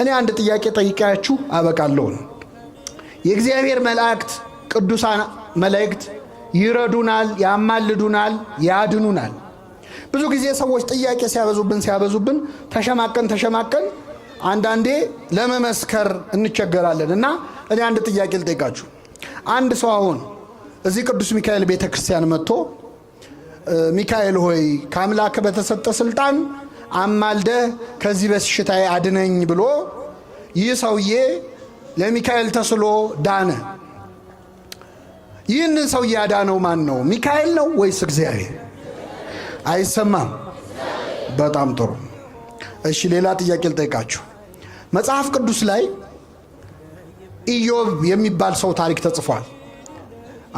እኔ አንድ ጥያቄ ጠይቃችሁ አበቃለሁ። የእግዚአብሔር መላእክት ቅዱሳን መላእክት ይረዱናል፣ ያማልዱናል፣ ያድኑናል። ብዙ ጊዜ ሰዎች ጥያቄ ሲያበዙብን ሲያበዙብን ተሸማቀን ተሸማቀን አንዳንዴ ለመመስከር እንቸገራለን እና እኔ አንድ ጥያቄ ልጠይቃችሁ። አንድ ሰው አሁን እዚህ ቅዱስ ሚካኤል ቤተ ክርስቲያን መጥቶ ሚካኤል ሆይ ከአምላክ በተሰጠ ስልጣን አማልደህ ከዚህ በሽታዬ አድነኝ ብሎ ይህ ሰውዬ ለሚካኤል ተስሎ ዳነ። ይህንን ሰውዬ ያዳነው ማን ነው? ሚካኤል ነው ወይስ እግዚአብሔር? አይሰማም። በጣም ጥሩ። እሺ ሌላ ጥያቄ ልጠይቃችሁ። መጽሐፍ ቅዱስ ላይ ኢዮብ የሚባል ሰው ታሪክ ተጽፏል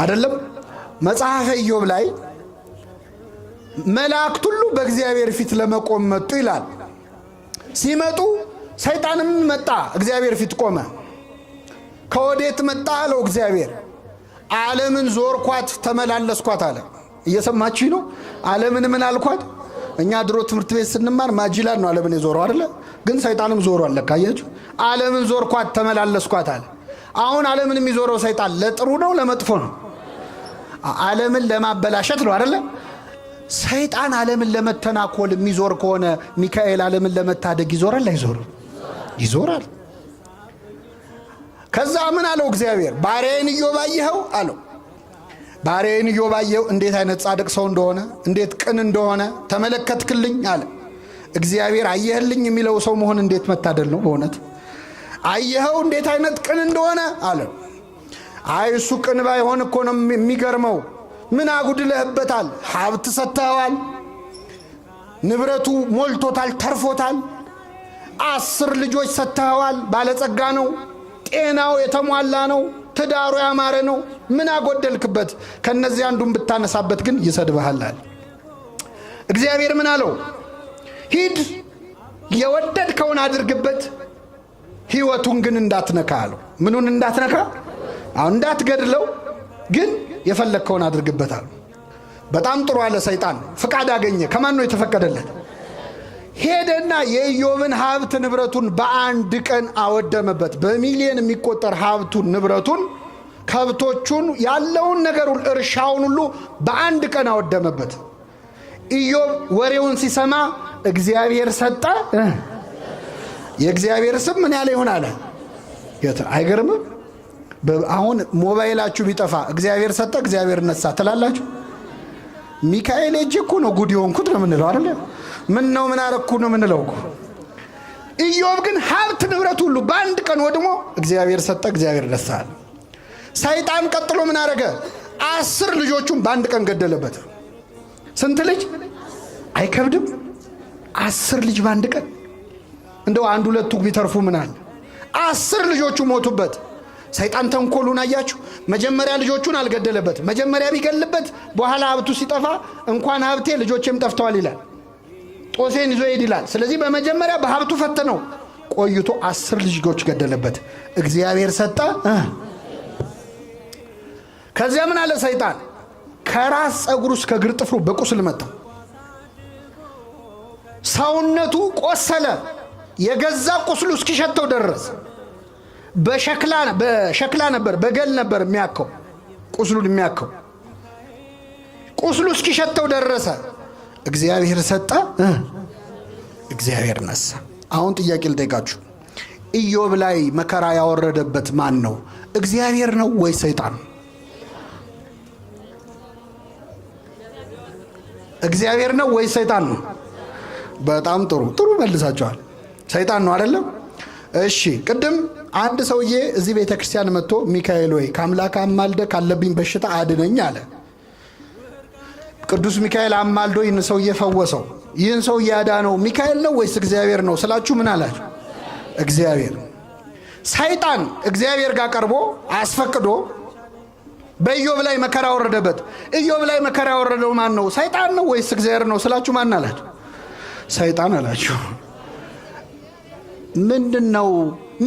አይደለም? መጽሐፈ ኢዮብ ላይ መላእክት ሁሉ በእግዚአብሔር ፊት ለመቆም መጡ ይላል። ሲመጡ ሰይጣንም መጣ፣ እግዚአብሔር ፊት ቆመ። ከወዴት መጣ አለው እግዚአብሔር። ዓለምን ዞርኳት ተመላለስኳት አለ። እየሰማችሁ ነው። ዓለምን ምን አልኳት? እኛ ድሮ ትምህርት ቤት ስንማር ማጅላን ነው ዓለምን የዞረው አይደለ? ግን ሰይጣንም ዞሮ ለካ። አያችሁ፣ ዓለምን ዞርኳት ተመላለስኳት አለ። አሁን ዓለምን የሚዞረው ሰይጣን ለጥሩ ነው ለመጥፎ ነው? ዓለምን ለማበላሸት ነው አይደለም? ሰይጣን ዓለምን ለመተናኮል የሚዞር ከሆነ ሚካኤል ዓለምን ለመታደግ ይዞራል አይዞርም? ይዞራል። ከዛ ምን አለው እግዚአብሔር ባሪያዬን ኢዮብ አየኸው አለው። ባሪያዬን ኢዮብ አየኸው፣ እንዴት አይነት ጻድቅ ሰው እንደሆነ እንዴት ቅን እንደሆነ ተመለከትክልኝ አለ። እግዚአብሔር አየህልኝ የሚለው ሰው መሆን እንዴት መታደል ነው በእውነት። አየኸው እንዴት አይነት ቅን እንደሆነ አለ። አይ እሱ ቅን ባይሆን እኮ ነው የሚገርመው ምን አጉድለህበታል? ሀብት ሰጥተኸዋል። ንብረቱ ሞልቶታል፣ ተርፎታል። አስር ልጆች ሰጥተኸዋል። ባለጸጋ ነው። ጤናው የተሟላ ነው። ትዳሩ ያማረ ነው። ምን አጎደልክበት? ከእነዚህ አንዱን ብታነሳበት ግን ይሰድብሃል። እግዚአብሔር ምን አለው? ሂድ የወደድከውን አድርግበት፣ ሕይወቱን ግን እንዳትነካ አለው። ምኑን እንዳትነካ? አሁን እንዳትገድለው ግን የፈለግከውን አድርግበታል። በጣም ጥሩ አለ ሰይጣን። ፍቃድ አገኘ። ከማን ነው የተፈቀደለት? ሄደና የኢዮብን ሀብት ንብረቱን በአንድ ቀን አወደመበት። በሚሊየን የሚቆጠር ሀብቱን ንብረቱን፣ ከብቶቹን፣ ያለውን ነገር እርሻውን ሁሉ በአንድ ቀን አወደመበት። ኢዮብ ወሬውን ሲሰማ እግዚአብሔር ሰጠ፣ የእግዚአብሔር ስም ምን ያለ ይሆን አለ። አይገርምም? አሁን ሞባይላችሁ ቢጠፋ እግዚአብሔር ሰጠ እግዚአብሔር ነሳ ትላላችሁ። ሚካኤል እጅ እኮ ነው ጉድ የሆንኩት ነው የምንለው አይደለ? ምን ነው ምን አረኩ ነው የምንለው እኮ። ኢዮብ ግን ሀብት ንብረት ሁሉ በአንድ ቀን ወድሞ እግዚአብሔር ሰጠ እግዚአብሔር ነሳ። ሰይጣን ቀጥሎ ምን አረገ? አስር ልጆቹን በአንድ ቀን ገደለበት። ስንት ልጅ አይከብድም? አስር ልጅ በአንድ ቀን እንደው አንድ ሁለቱ ቢተርፉ ምናል። አስር ልጆቹ ሞቱበት። ሰይጣን ተንኮሉን አያችሁ። መጀመሪያ ልጆቹን አልገደለበት። መጀመሪያ ቢገልበት በኋላ ሀብቱ ሲጠፋ እንኳን ሀብቴ ልጆቼም ጠፍተዋል ይላል። ጦሴን ይዞ ሄድ ይላል። ስለዚህ በመጀመሪያ በሀብቱ ፈተነው፣ ቆይቶ አስር ልጆች ገደለበት። እግዚአብሔር ሰጠ። ከዚያ ምን አለ ሰይጣን? ከራስ ፀጉር እስከ እግር ጥፍሩ በቁስል መታ። ሰውነቱ ቆሰለ፣ የገዛ ቁስሉ እስኪሸተው ደረስ በሸክላ ነበር፣ በገል ነበር የሚያከው ቁስሉን የሚያከው ቁስሉ እስኪሸተው ደረሰ። እግዚአብሔር ሰጠ፣ እግዚአብሔር ነሳ። አሁን ጥያቄ ልጠይቃችሁ። ኢዮብ ላይ መከራ ያወረደበት ማን ነው? እግዚአብሔር ነው ወይ ሰይጣን? እግዚአብሔር ነው ወይ ሰይጣን ነው? በጣም ጥሩ ጥሩ መልሳቸዋል። ሰይጣን ነው አይደለም? እሺ ቅድም አንድ ሰውዬ እዚህ ቤተ ክርስቲያን መጥቶ ሚካኤል ወይ ከአምላክ አማልደ ካለብኝ በሽታ አድነኝ አለ። ቅዱስ ሚካኤል አማልዶ ይህን ሰውዬ ፈወሰው። ይህን ሰውዬ ያዳነው ሚካኤል ነው ወይስ እግዚአብሔር ነው ስላችሁ ምን አላችሁ? እግዚአብሔር። ሰይጣን እግዚአብሔር ጋር ቀርቦ አስፈቅዶ በኢዮብ ላይ መከራ ወረደበት። ኢዮብ ላይ መከራ ያወረደው ማን ነው? ሰይጣን ነው ወይስ እግዚአብሔር ነው ስላችሁ ማን አላችሁ? ሰይጣን አላችሁ። ምንድን ነው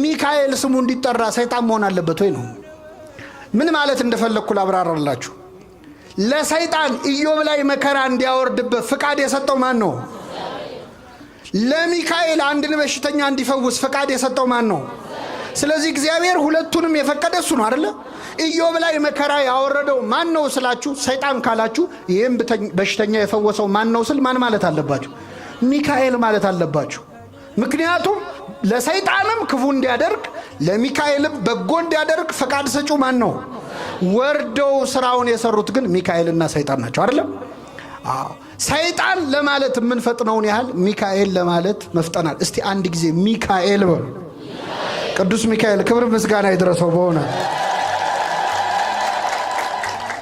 ሚካኤል ስሙ እንዲጠራ ሰይጣን መሆን አለበት ወይ ነው? ምን ማለት እንደፈለግኩ ላብራራላችሁ። ለሰይጣን ኢዮብ ላይ መከራ እንዲያወርድበት ፍቃድ የሰጠው ማን ነው? ለሚካኤል አንድን በሽተኛ እንዲፈውስ ፍቃድ የሰጠው ማን ነው? ስለዚህ እግዚአብሔር ሁለቱንም የፈቀደ እሱ ነው አደለ? ኢዮብ ላይ መከራ ያወረደው ማን ነው ስላችሁ ሰይጣን ካላችሁ፣ ይህም በሽተኛ የፈወሰው ማን ነው ስል ማን ማለት አለባችሁ? ሚካኤል ማለት አለባችሁ። ምክንያቱም ለሰይጣንም ክፉ እንዲያደርግ ለሚካኤልም በጎ እንዲያደርግ ፈቃድ ሰጪው ማን ነው? ወርደው ስራውን የሰሩት ግን ሚካኤልና ሰይጣን ናቸው። አይደለም? ሰይጣን ለማለት የምንፈጥነውን ያህል ሚካኤል ለማለት መፍጠናል። እስቲ አንድ ጊዜ ሚካኤል በሉ። ቅዱስ ሚካኤል ክብር ምስጋና ይድረሰው። በሆነ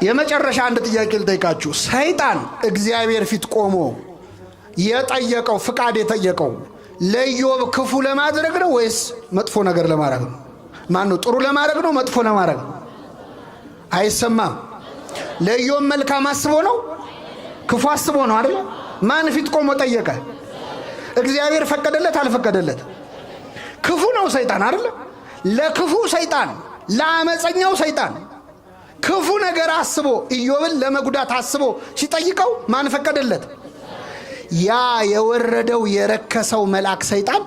የመጨረሻ አንድ ጥያቄ ልጠይቃችሁ። ሰይጣን እግዚአብሔር ፊት ቆሞ የጠየቀው ፍቃድ የጠየቀው ለኢዮብ ክፉ ለማድረግ ነው ወይስ መጥፎ ነገር ለማድረግ ነው? ማን ነው? ጥሩ ለማድረግ ነው መጥፎ ለማድረግ ነው? አይሰማም። ለኢዮብ መልካም አስቦ ነው ክፉ አስቦ ነው አይደል? ማን ፊት ቆሞ ጠየቀ? እግዚአብሔር ፈቀደለት አልፈቀደለት? ክፉ ነው ሰይጣን አይደል? ለክፉ ሰይጣን፣ ለአመፀኛው ሰይጣን ክፉ ነገር አስቦ ኢዮብን ለመጉዳት አስቦ ሲጠይቀው ማን ፈቀደለት? ያ የወረደው የረከሰው መልአክ ሰይጣን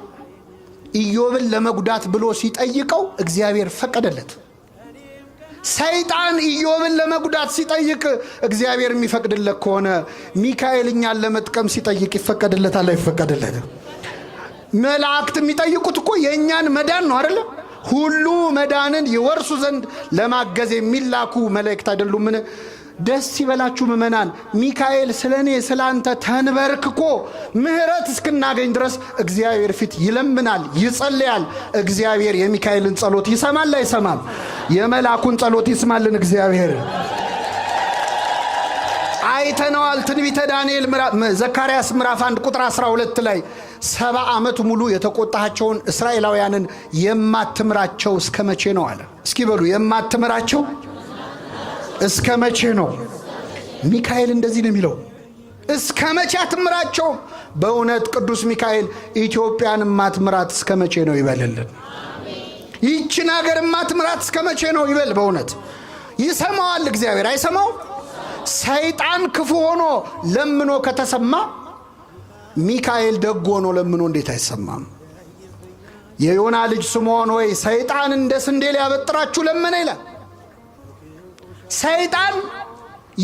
ኢዮብን ለመጉዳት ብሎ ሲጠይቀው እግዚአብሔር ፈቀደለት። ሰይጣን ኢዮብን ለመጉዳት ሲጠይቅ እግዚአብሔር የሚፈቅድለት ከሆነ ሚካኤል እኛን ለመጥቀም ሲጠይቅ ይፈቀድለታል አይፈቀድለትም? መላእክት የሚጠይቁት እኮ የእኛን መዳን ነው አይደለም? ሁሉ መዳንን ይወርሱ ዘንድ ለማገዝ የሚላኩ መላእክት አይደሉምን? ደስ ይበላችሁ ምእመናን። ሚካኤል ስለ እኔ ስለ አንተ ተንበርክኮ ምሕረት እስክናገኝ ድረስ እግዚአብሔር ፊት ይለምናል፣ ይጸልያል። እግዚአብሔር የሚካኤልን ጸሎት ይሰማል። አይሰማም? የመልአኩን ጸሎት ይስማልን እግዚአብሔር። አይተነዋል። ትንቢተ ዳንኤል ዘካርያስ ምዕራፍ 1 ቁጥር 12 ላይ ሰባ ዓመት ሙሉ የተቆጣቸውን እስራኤላውያንን የማትምራቸው እስከ መቼ ነው አለ። እስኪ በሉ የማትምራቸው እስከ መቼ ነው? ሚካኤል እንደዚህ ነው የሚለው፣ እስከ መቼ አትምራቸውም? በእውነት ቅዱስ ሚካኤል ኢትዮጵያን ማትምራት እስከ መቼ ነው ይበልልን። ይችን ሀገር ማትምራት እስከ መቼ ነው ይበል። በእውነት ይሰማዋል እግዚአብሔር አይሰማው? ሰይጣን ክፉ ሆኖ ለምኖ ከተሰማ ሚካኤል ደግ ሆኖ ለምኖ እንዴት አይሰማም? የዮና ልጅ ስምዖን ወይ ሰይጣን እንደ ስንዴ ሊያበጥራችሁ ለመነ ይላል። ሰይጣን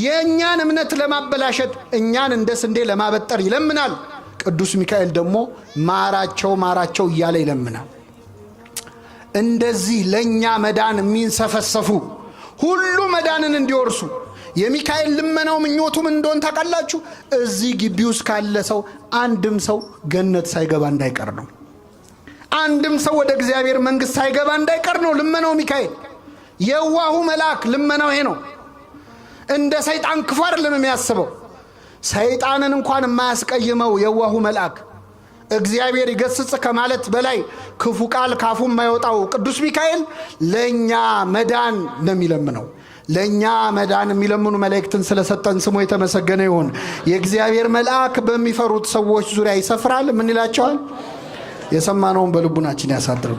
የእኛን እምነት ለማበላሸት እኛን እንደ ስንዴ ለማበጠር ይለምናል። ቅዱስ ሚካኤል ደግሞ ማራቸው ማራቸው እያለ ይለምናል። እንደዚህ ለእኛ መዳን የሚንሰፈሰፉ ሁሉ መዳንን እንዲወርሱ የሚካኤል ልመናው ምኞቱም እንደሆን ታውቃላችሁ። እዚህ ግቢ ውስጥ ካለ ሰው አንድም ሰው ገነት ሳይገባ እንዳይቀር ነው። አንድም ሰው ወደ እግዚአብሔር መንግሥት ሳይገባ እንዳይቀር ነው ልመናው ሚካኤል የዋሁ መልአክ ልመናው ይሄ ነው። እንደ ሰይጣን ክፉ አይደለም የሚያስበው። ሰይጣንን እንኳን የማያስቀይመው የዋሁ መልአክ እግዚአብሔር ይገስጽ ከማለት በላይ ክፉ ቃል ካፉ የማይወጣው ቅዱስ ሚካኤል ለእኛ መዳን ነው የሚለምነው። ለእኛ መዳን የሚለምኑ መላእክትን ስለሰጠን ስሙ የተመሰገነ ይሁን። የእግዚአብሔር መልአክ በሚፈሩት ሰዎች ዙሪያ ይሰፍራል። ምን ይላቸዋል? የሰማነውን በልቡናችን ያሳድርም።